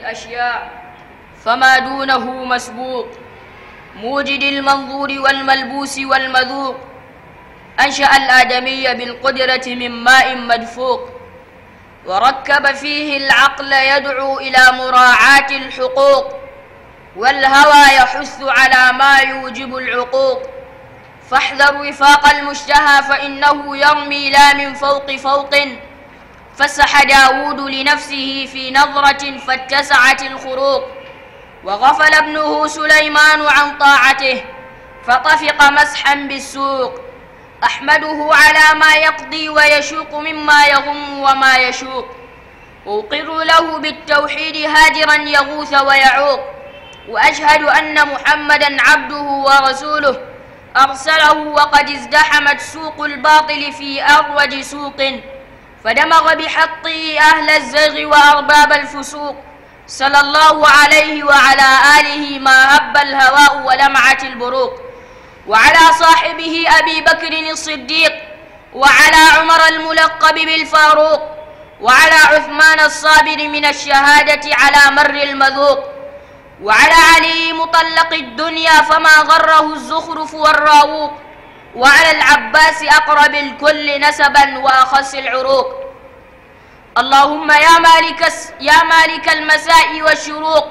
الأشياء فما دونه مسبوق موجد المنظور والملبوس والمذوق أنشأ الآدمي بالقدرة من ماء مدفوق وركب فيه العقل يدعو إلى مراعاة الحقوق والهوى يحث على ما يوجب العقوق فاحذر وفاق المشتهى فإنه يرمي لا من فوق فوق فسح داود لنفسه في نظرة فاتسعت الخروق وغفل ابنه سليمان عن طاعته فطفق مسحا بالسوق أحمده على ما يقضي ويشوق مما يغم وما يشوق أوقر له بالتوحيد هاجرا يغوث ويعوق وأشهد أن محمدا عبده ورسوله أرسله وقد ازدحمت سوق الباطل في أروج سوق فدمغ بحطه أهل الزيغ وأرباب الفسوق صلى الله عليه وعلى آله ما هب الهواء ولمعت البروق وعلى صاحبه أبي بكر الصديق وعلى عمر الملقب بالفاروق وعلى عثمان الصابر من الشهادة على مر المذوق وعلى علي مطلق الدنيا فما غره الزخرف والراووق وعلى العباس أقرب الكل نسبا وأخص العروق اللهم يا مالك, يا مالك المساء والشروق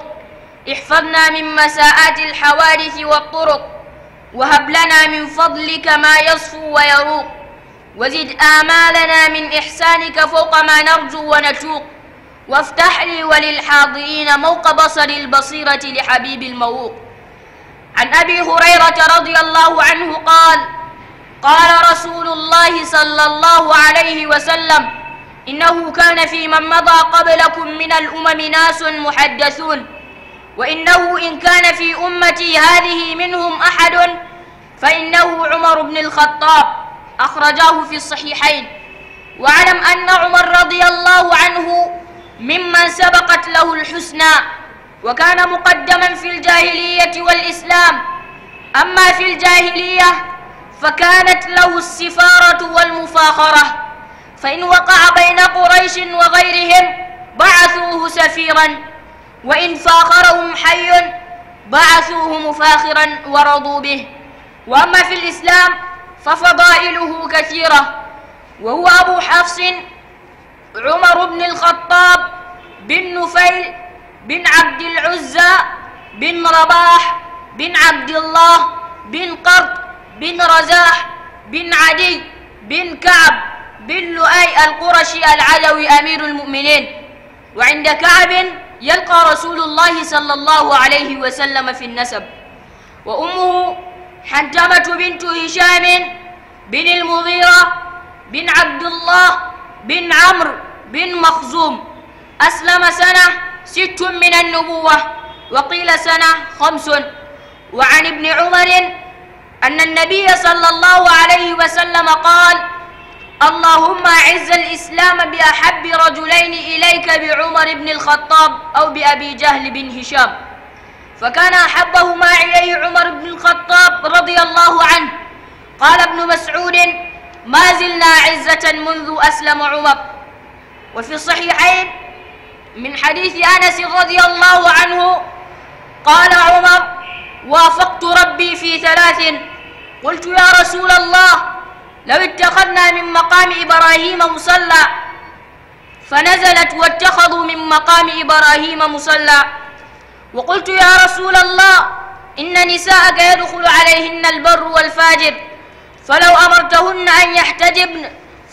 احفظنا من مساءات الحوادث والطرق وهب لنا من فضلك ما يصفو ويروق وزد آمالنا من إحسانك فوق ما نرجو ونشوق وافتح لي وللحاضرين موق بصر البصيرة لحبيب الموق عن أبي هريرة رضي الله عنه قال قال رسول الله صلى الله عليه وسلم إنه كان في من مضى قبلكم من الأمم ناس محدثون وإنه إن كان في أمتي هذه منهم أحد فإنه عمر بن الخطاب أخرجاه في الصحيحين واعلم أن عمر رضي الله عنه ممن سبقت له الحسنى وكان مقدما في الجاهلية والإسلام أما في الجاهلية فكانت له السفارة والمفاخرة فإن وقع بين قريش وغيرهم بعثوه سفيرا وإن فاخرهم حي بعثوه مفاخرا ورضوا به وأما في الإسلام ففضائله كثيرة وهو أبو حفص عمر بن الخطاب بن نفيل بن عبد العزى بن رباح بن عبد الله بن قرط بن رزاح بن عدي بن كعب بن لؤي القرشي العدوي أمير المؤمنين وعند كعب يلقى رسول الله صلى الله عليه وسلم في النسب وأمه حنتمة بنت هشام بن المغيرة بن عبد الله بن عمرو بن مخزوم أسلم سنة ست من النبوة وقيل سنة خمس وعن ابن عمر النبي صلى الله عليه وسلم قال اللهم أعز الإسلام بأحب رجلين إليك بعمر بن الخطاب أو بأبي جهل بن هشام فكان أحبهما إليه عمر بن الخطاب رضي الله عنه قال ابن مسعود ما زلنا عزة منذ أسلم عمر وفي الصحيحين من حديث أنس رضي الله عنه قال عمر وافقت ربي في ثلاث قلت يا رسول الله لو اتخذنا من مقام إبراهيم مصلى فنزلت واتخذوا من مقام إبراهيم مصلى وقلت يا رسول الله إن نساءك يدخل عليهن البر والفاجر فلو أمرتهن أن يحتجبن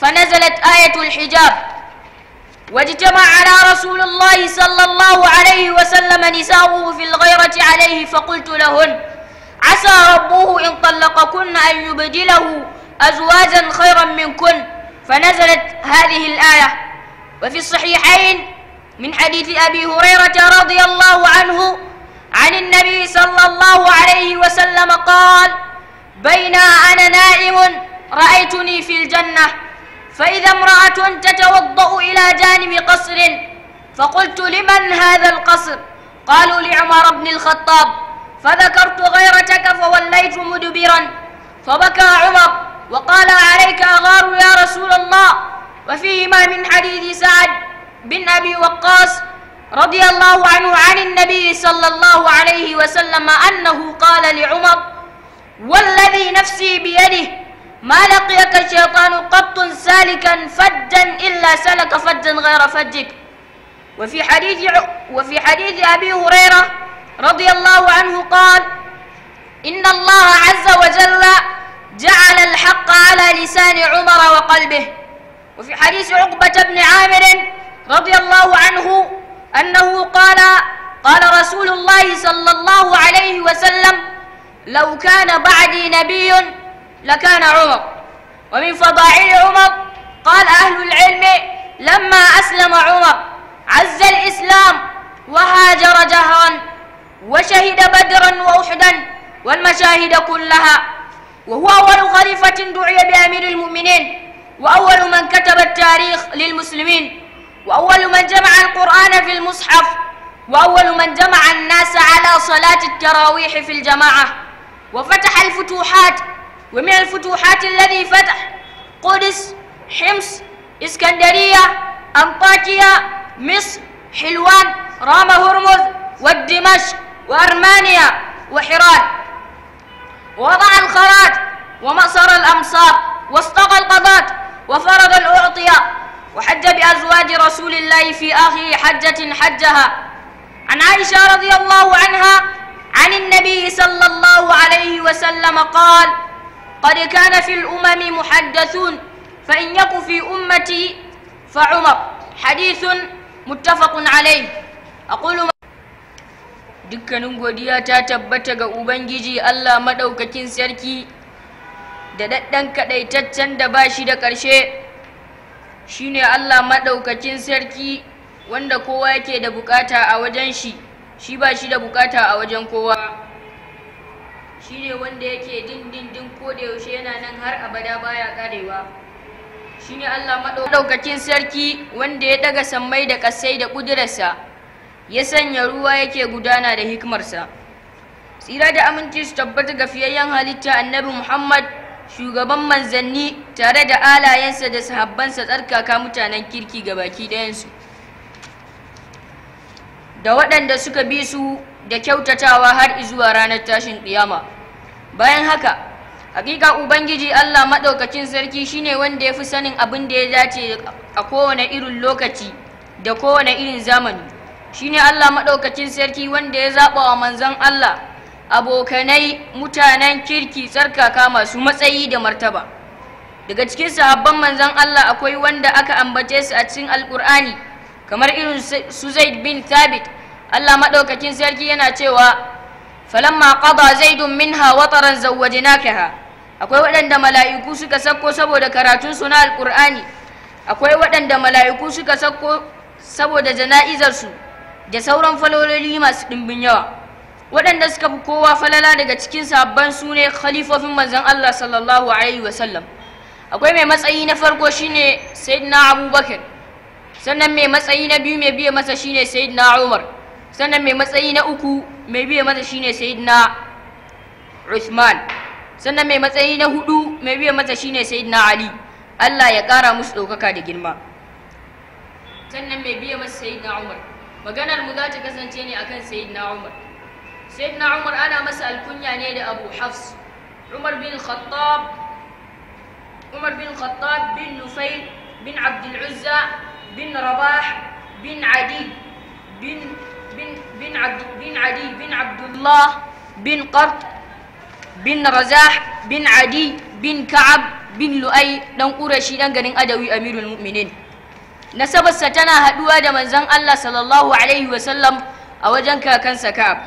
فنزلت آية الحجاب واجتمع على رسول الله صلى الله عليه وسلم نساؤه في الغيرة عليه فقلت لهن عسى ربه إن طلقكن أن يبدله أزواجا خيرا منكن فنزلت هذه الآية وفي الصحيحين من حديث أبي هريرة رضي الله عنه عن النبي صلى الله عليه وسلم قال بين أنا نائم رأيتني في الجنة فإذا امرأة تتوضأ إلى جانب قصر فقلت لمن هذا القصر قالوا لعمر بن الخطاب فذكرت غيرتك فوليت مدبرا فبكى عمر وقال عليك أغار يا رسول الله وفيهما من حديث سعد بن أبي وقاص رضي الله عنه عن النبي صلى الله عليه وسلم أنه قال لعمر والذي نفسي بيده ما لقيك الشيطان قط سالكا فدا إلا سلك فدا غير فجك وفي حديث وفي حديث أبي هريرة رضي الله عنه قال إن الله عز وجل جعل الحق على لسان عمر وقلبه وفي حديث عقبة بن عامر رضي الله عنه أنه قال قال رسول الله صلى الله عليه وسلم لو كان بعدي نبي لكان عمر ومن فضائل عمر قال أهل العلم لما أسلم عمر عز الإسلام وهاجر جهرا وشهد بدرا وأحدا والمشاهد كلها وهو أول خليفة دعي بأمير المؤمنين وأول من كتب التاريخ للمسلمين وأول من جمع القرآن في المصحف وأول من جمع الناس على صلاة التراويح في الجماعة وفتح الفتوحات ومن الفتوحات الذي فتح قدس حمص اسكندرية أنطاكيا مصر حلوان رام هرمز والدمشق وأرمانيا وحيران ووضع الخراج ومأصر الأمصار واستقى القضاة وفرض الأعطية وحج بأزواج رسول الله في آخر حجة حجها عن عائشة رضي الله عنها عن النبي صلى الله عليه وسلم قال قد كان في الأمم محدثون فإن يك في أمتي فعمر حديث متفق عليه أقول ما dukkanin godiya ta tabbata ga ubangiji allah maɗaukakin sarki da ɗaɗɗan kaɗaitaccen da ba shi da ƙarshe shi ne allah maɗaukakin sarki wanda kowa yake da bukata a wajen shi shi ba shi da bukata a wajen kowa Shi ne wanda yake dindindin yaushe yana nan har abada baya karewa ne allah maɗaukakin sarki wanda ya ɗaga sammai da ƙasai da ƙudurarsa ya sanya ruwa yake gudana da hikimarsa tsira da aminci su tabbata ga fiyayyen halitta annabi muhammad shugaban manzanni tare da alayensa da sahabbansa tsarkaka mutanen kirki ga baki dayansu da waɗanda suka bi su da kyautatawa har izuwa ranar tashin ƙiyama bayan haka hakika ubangiji allah maɗaukacin sarki shine wanda ya fi sanin abin da ya dace a kowane irin lokaci da kowane irin zamani shine Allah maɗaukacin sarki wanda ya zaɓa wa manzon Allah abokanai mutanen kirki tsarkaka masu matsayi da martaba daga cikin sahabban manzon Allah akwai wanda aka ambace su a cikin alkur'ani kamar irin su Zaid bin Thabit Allah maɗaukacin sarki yana cewa falamma qada zaidun minha wataran ha. akwai waɗanda mala'iku suka sakko saboda karatun su na alkur'ani akwai waɗanda mala'iku suka sakko saboda jana'izarsu? da sauran falololi masu ɗimbin yawa waɗanda suka fi kowa falala daga cikin sabon su ne khalifofin manzon Allah sallallahu alaihi wasallam akwai mai matsayi na farko shine sayyidina abubakar sannan mai matsayi na biyu mai biye masa shine sayyidina umar sannan mai matsayi na uku mai biye masa shine sayyidina usman sannan mai matsayi na hudu mai biye masa shine sayyidina ali Allah ya kara musu ɗaukaka da girma sannan mai biye masa sayyidina umar maganar mu za ta kasance ne akan sayyidina Umar sayyidina Umar ana masa alkunya ne da Abu Hafs Umar bin Khattab Umar bin Khattab bin Nufail bin Abd al-Uzza bin Rabah bin Adi bin bin bin Abd bin Adi bin Abdullah bin Qart bin Razah bin Adi bin Ka'ab bin Lu'ay dan Qurashi dan garin Adawi Amirul Mu'minin nasabarsa tana haɗuwa da manzon Allah sallallahu alaihi wasallam a wajen kakansa Ka'ab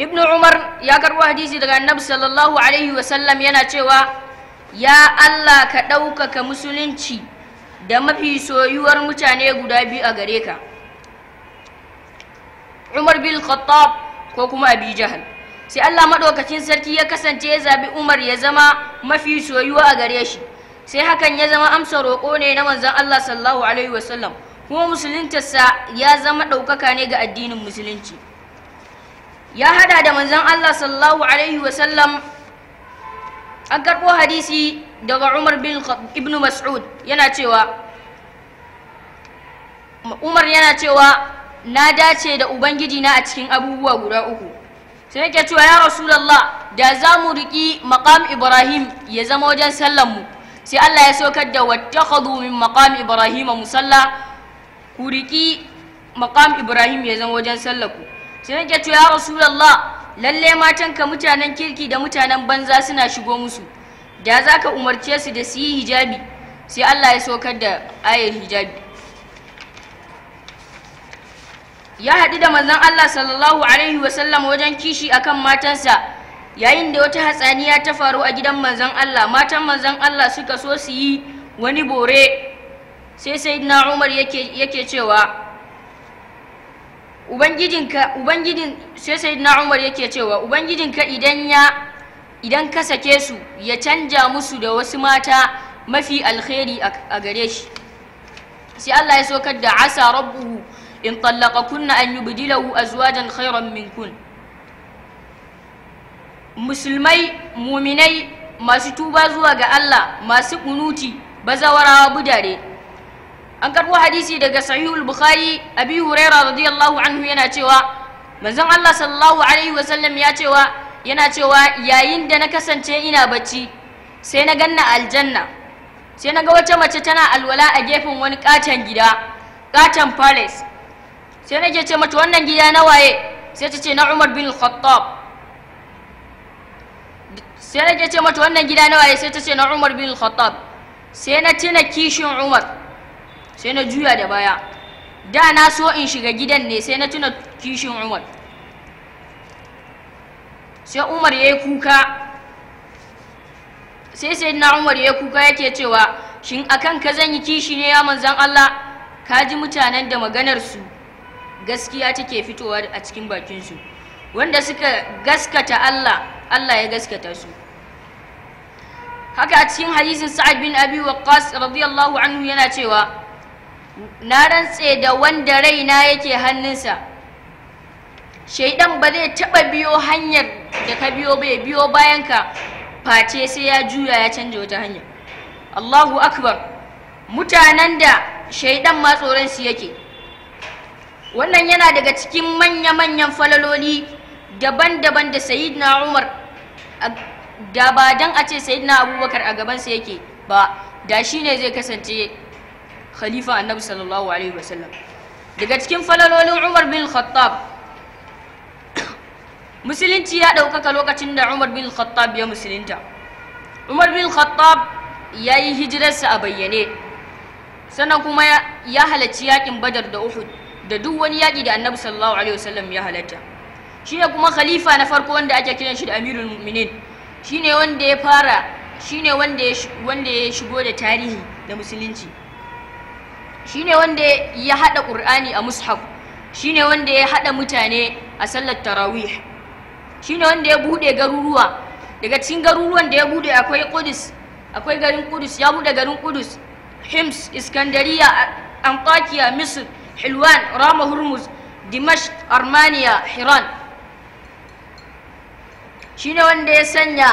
Ibn Umar ya karbo hadisi daga Annabi sallallahu alaihi wasallam yana cewa ya Allah ka ɗaukaka musulunci da mafi soyuwar mutane guda biyu a gare ka Umar bin Khattab ko kuma Abi Jahal sai Allah madaukakin sarki ya kasance ya zabi Umar ya zama mafi soyuwa a gare shi sai hakan ya zama amsa roƙo ne na manzon Allah sallallahu alaihi wasallam kuma musuluntarsa ya zama ɗaukaka ne ga addinin musulunci ya hada da manzon Allah sallallahu alaihi wasallam an karɓo hadisi daga Umar bin Ibn Mas'ud yana cewa Umar yana cewa na dace da ubangiji na a cikin abubuwa guda uku sai yake cewa ya rasu da za mu riƙi maqam Ibrahim ya zama wajen sallanmu mu sai Allah ya saukar da wattakhadhu min maqami ibrahim musalla ku riki maqam ibrahim ya zama wajen sallaku sai nake to ya rasulullah lalle matan ka mutanen kirki da mutanen banza suna shigo musu da zaka umarce su da su yi hijabi sai Allah ya saukar da ayar hijabi ya haɗu da manzon Allah sallallahu alaihi wasallam wajen kishi akan matansa yayin da wata hatsaniya ta faru a gidan manzon Allah matan manzon Allah suka so su yi wani bore sai sayyidina Umar yake yake cewa ubangijinka ubangijin sai sayyidina Umar yake cewa ubangijinka idan idan ka sake su ya canja musu da wasu mata mafi alkhairi a gare shi sai Allah ya sokar da asa rabbuhu in tallaqakunna an yubdilahu azwajan khairan minkun musulmai muminai masu tuba zuwa ga Allah masu kunuti bazawarawa budare an karbo hadisi daga sahihul bukhari abi huraira radiyallahu anhu yana cewa manzon Allah sallallahu alaihi sallam ya cewa yana cewa yayin da na kasance ina bacci sai na ganna aljanna sai na ga wata mace tana alwala a gefen wani katon gida katon palace sai nake ce mata wannan gida na waye sai ta ce na Umar bin Khattab sai na ce mata wannan gida na waye sai ta ce na Umar bin Khattab sai na tuna kishin Umar sai na juya da baya da na so in shiga gidan ne sai na tuna kishin Umar sai Umar yayi kuka sai sai na Umar yayi kuka yake cewa shin akan ka zan yi kishi ne ya manzon Allah ka ji mutanen da maganar su gaskiya take fitowa a cikin bakin su wanda suka gaskata Allah Allah ya gaskata su haka a cikin hadisin sa'ad bin abi waqqas radiyallahu anhu yana cewa na rantse da wanda raina yake hannunsa shaidan ba zai taɓa biyo hanyar da ka biyo bai biyo bayan ka face sai ya juya ya canja wata hanya allahu akbar mutanen da shaidan ma tsoron tsoronsu yake wannan yana daga cikin manya-manyan falaloli daban-daban da Sayyidina umar da ba dan a ce sayyidina abubakar a gabansa yake ba da shi ne zai kasance khalifa annabi sallallahu alaihi wasallam daga cikin falalolin umar bin khattab musulunci ya ɗaukaka lokacin da umar bin khattab ya musulunta umar bin khattab ya yi hijirarsa a bayyane sannan kuma ya halarci yakin badar da uhud da duk wani yaƙi da annabi sallallahu alaihi wasallam ya halarta. shine kuma khalifa na farko wanda ake kiran shi da amirul mu'minin shine wanda ya fara shine wanda ya wanda ya shigo da tarihi da musulunci shine wanda ya hada qur'ani a mushaf shine wanda ya hada mutane a sallar tarawih shine wanda ya bude garuruwa daga cikin garuruwan da ya bude akwai Qudus akwai garin Qudus ya bude garin Qudus Hims Iskandariya Antakiya Misr Hilwan Rama Hormuz Dimashq Armenia Hiran ne wanda ya sanya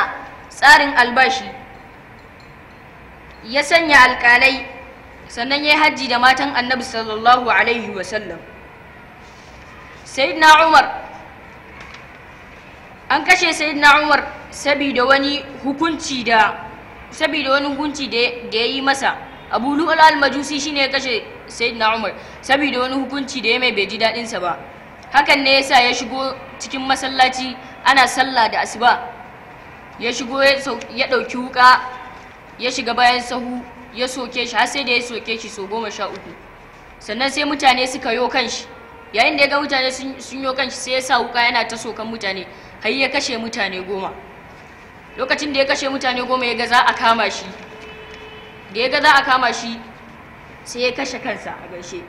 tsarin albashi ya sanya alƙalai sannan ya yi hajji da matan annabi sallallahu alaihi wasallam sayidina umar an kashe sayidina umar saboda wani hukunci da saboda wani hukunci da ya yi masa abu lu'ul al-majusi shine ya kashe sayyidina umar saboda wani hukunci da ya mai bai ji daɗinsa ba hakan ne yasa ya shigo cikin masallaci ana sallah da asuba ya shigo ya ɗauki wuka ya shiga bayan sahu ya soke shi har sai da ya soke shi so goma sha uku sannan sai mutane suka yo kan shi yayin da ya ga mutane sun yo kan shi sai ya sa wuka yana ta sokan mutane har ya kashe mutane goma lokacin da ya kashe mutane goma ya ga za a kama shi da ya ga za a kama shi sai ya kashe kansa a gaishe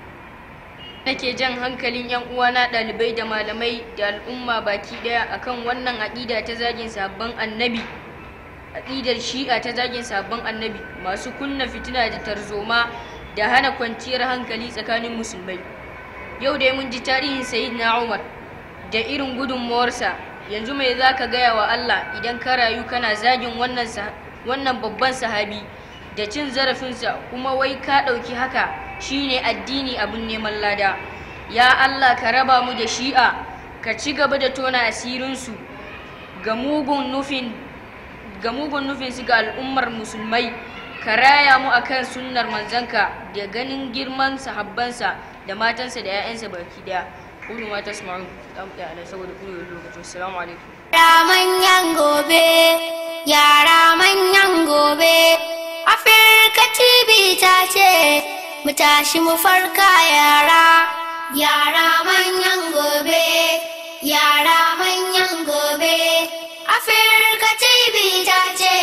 nake jan hankalin yan uwana ɗalibai da malamai da al'umma baki ɗaya akan wannan aqida ta zagin sabon annabi aqidar shi'a ta zagin sabon annabi masu kunna fitina da tarzoma da hana kwanciyar hankali tsakanin musulmai yau dai mun ji tarihin sayyidina umar da irin gudunmuwarsa yanzu mai zaka ka gaya wa allah idan ka rayu kana zagin wannan babban sahabi da cin zarafinsa kuma wai ka ɗauki haka shi ne addini abin neman lada ya Allah ka raba mu da shi'a ka ci gaba da tona asirinsu ga mugun nufin ga mugun nufin su ga al'ummar musulmai ka raya mu a kan sunnar manzanka da ganin girman sahabbansa da matansa da 'ya'yansa baki daya kulu ma da saboda da lokacin assalamu alaikum yara manyan gobe yara manyan gobe afirka tv ta ce mu tashi mu farka yara yara manyan gobe yara manyan gobe afirka tv ta ce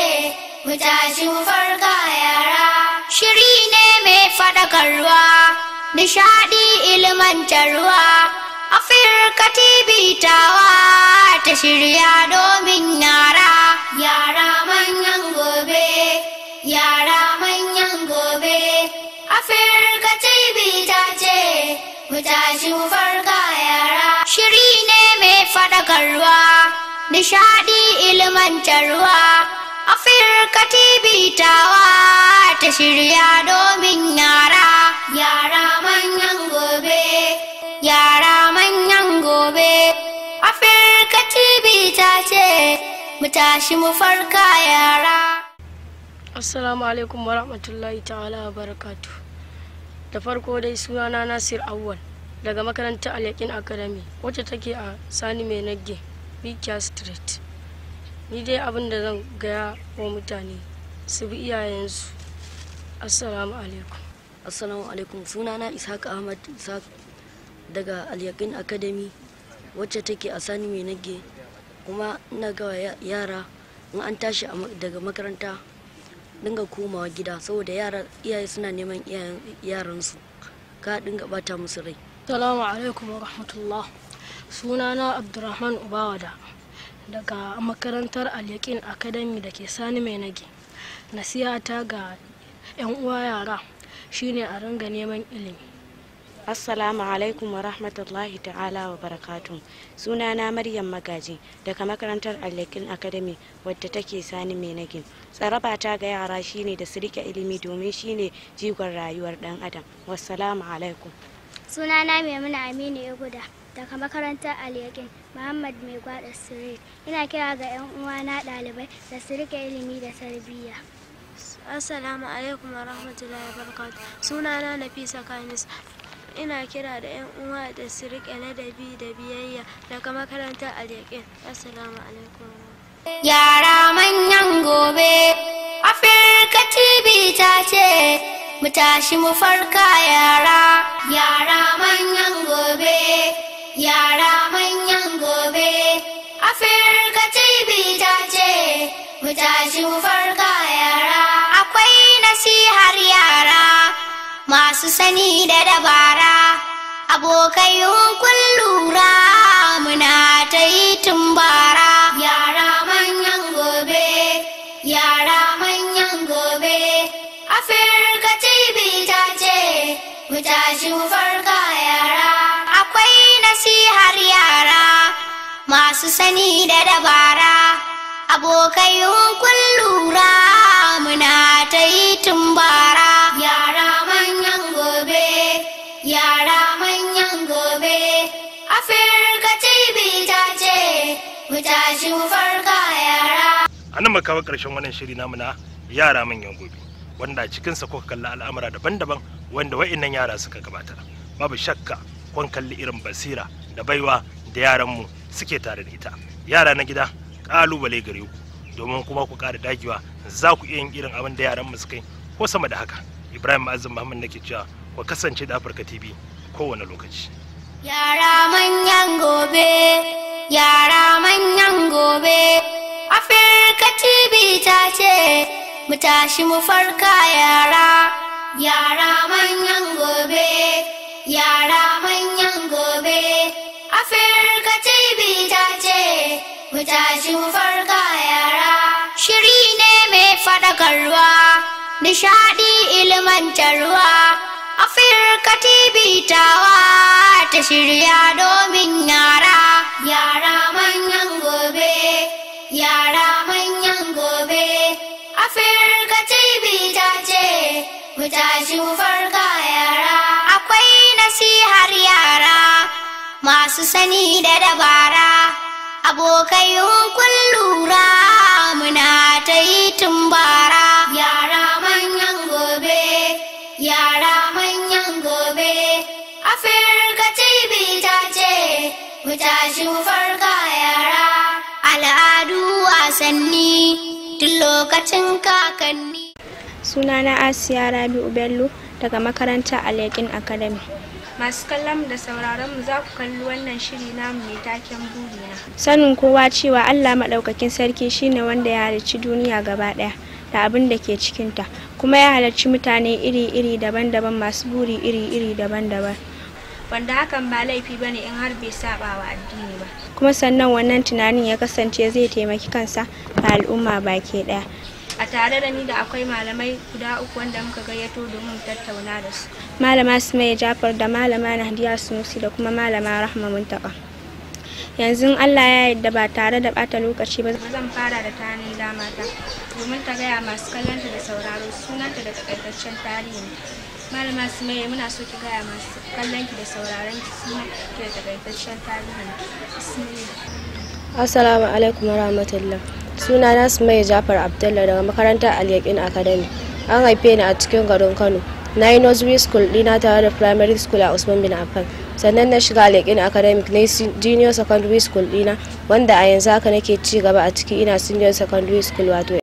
mu tashi mu farka yara shiri ne mai faɗakarwa nishaɗi ilmantarwa afirka ta tawa ta shirya domin yara yara manyan gobe yara Afirka TV ta ce, ku tashi mu farka yara. Shiri ne mai faɗakarwa, nishaɗi ilmantarwa. Afirka TV tawa ta shirya domin yara. Yara manyan gobe, yara manyan gobe. Afirka TV ta ce, mu tashi mu farka yara. Assalamu alaikum warahmatullahi ta'ala wa barakatuh. da farko dai sunana nasir awwal daga makarantar alyakin academy wacce take a sani mai nage bikiya street ni dai abin da zan gaya wa mutane su bi iyayensu assalamu alaikum assalamu alaikum na ishaq ahmad ishaq daga alyakin academy wacce take a sani mai nage kuma ina gawa yara in an tashi daga makaranta dinga komawa gida saboda iyaye suna neman yaransu ka dinga bata musu rai salamu alaikum wa rahmatullah sunana abdurrahman ubawada daga makarantar alyakin academy da ke sani mai nage nasiha ta ga 'yan uwa yara shine a ringa neman ilimi Assalamu alaikum wa rahmatullahi ta'ala wa barakatun. na Maryam Magaji daga makarantar alekin Academy wadda take sani Menagin. Tsaraba ta ga yara shine da su rike ilimi domin shine jigon rayuwar dan adam. Wassalamu alaikum. suna na Maimuna Aminu guda daga makarantar alekin Muhammad Mai Gwada Sirri. Ina kira ga 'yan uwana ɗalibai da su rike ilimi da tarbiyya. Assalamu alaikum wa rahmatullahi wa barakatuh. na Nafisa Kamis ina kira da 'yan uwa da su rike ladabi da biyayya daga makarantar alyaƙin assalamu alaikum yara manyan gobe afirka tv ta ce mu tashi mu farka yara yara manyan gobe yara manyan gobe afirka tv ta ce mu tashi mu farka yara akwai nasihar yara masu sani da dabara abokai kun lura muna ta yi tumbara yara manyan gobe yara manyan gobe afirka tv ta ce mu tashi mu farka yara akwai nasihar yara masu sani da dabara abokai kun lura muna ta yi tumbara yara mu tashi mu farka yara a nan makawa ƙarshen wannan shiri namu na yara manyan gobe wanda cikin cikinsa kuka kalli al'amura daban-daban wanda wa'innan yara suka gabata. babu shakka kun kalli irin basira da baiwa da yaranmu suke tare da ita yara na gida ƙalubale gare ku domin kuma ku ƙara dagewa za ku iya yin irin abin da yaran mu suka yi ko sama da haka ibrahim azum muhammad nake cewa ku kasance da afirka tv kowane lokaci Yara manyan gobe, yara manyan gobe, Afirka TV ta ce, mu tashi mu farka yara. Yara manyan gobe, yara manyan gobe, Afirka TV ta ce, mu tashi mu farka yara. Shiri ne mai faɗakarwa, nishaɗi ilmantarwa. Afirka TV tawa ta shirya domin yara, yara manyan gobe, yara manyan gobe. Afirka TV ta ce, mu tashi mu farka yara. Akwai nasihar yara, masu sani da dabara, abokai kun lura muna ta yi tumbara. Yara Afirka TV ta ce, ku tashi mu yara, al'adu wasanni tun lokacin kakanni. Sunana Asiya Rabi Bello daga makaranta Alekin Academy. Masu kallon da sauraron mu za ku kalli wannan shiri namu mai taken burina. Sanin kowa cewa Allah maɗaukakin sarki shine wanda ya halarci duniya gaba ɗaya. da abin da ke cikinta kuma ya halarci mutane iri-iri daban-daban masu buri iri-iri daban-daban wanda hakan ba laifi ba ne in har bai saba wa addini ba kuma sannan wannan tunanin ya kasance zai taimaki kansa da al'umma baki daya a tare da ni da akwai malamai guda uku wanda muka gayyato domin tattauna da su malama sumaye jafar da malama nahdiya sunusi da kuma malama rahma muntaka yanzu allah ya yarda ba tare da bata lokaci ba zan fara da tanin damata domin ta gaya masu kallonta da sauraro sunanta da takaitaccen tarihi malama mai muna so ki gaya masu kallon ki da sauraron ki su ke da takaitaccen tarihin assalamu alaikum warahmatullah suna na sumayya jafar abdullah daga makarantar alyakin academy an haife ni a cikin garin kano na yi nursery school dina tare da primary school a usman bin affan sannan na shiga alyakin academic na junior secondary school dina wanda a yanzu haka nake ci gaba a ciki ina senior secondary school wato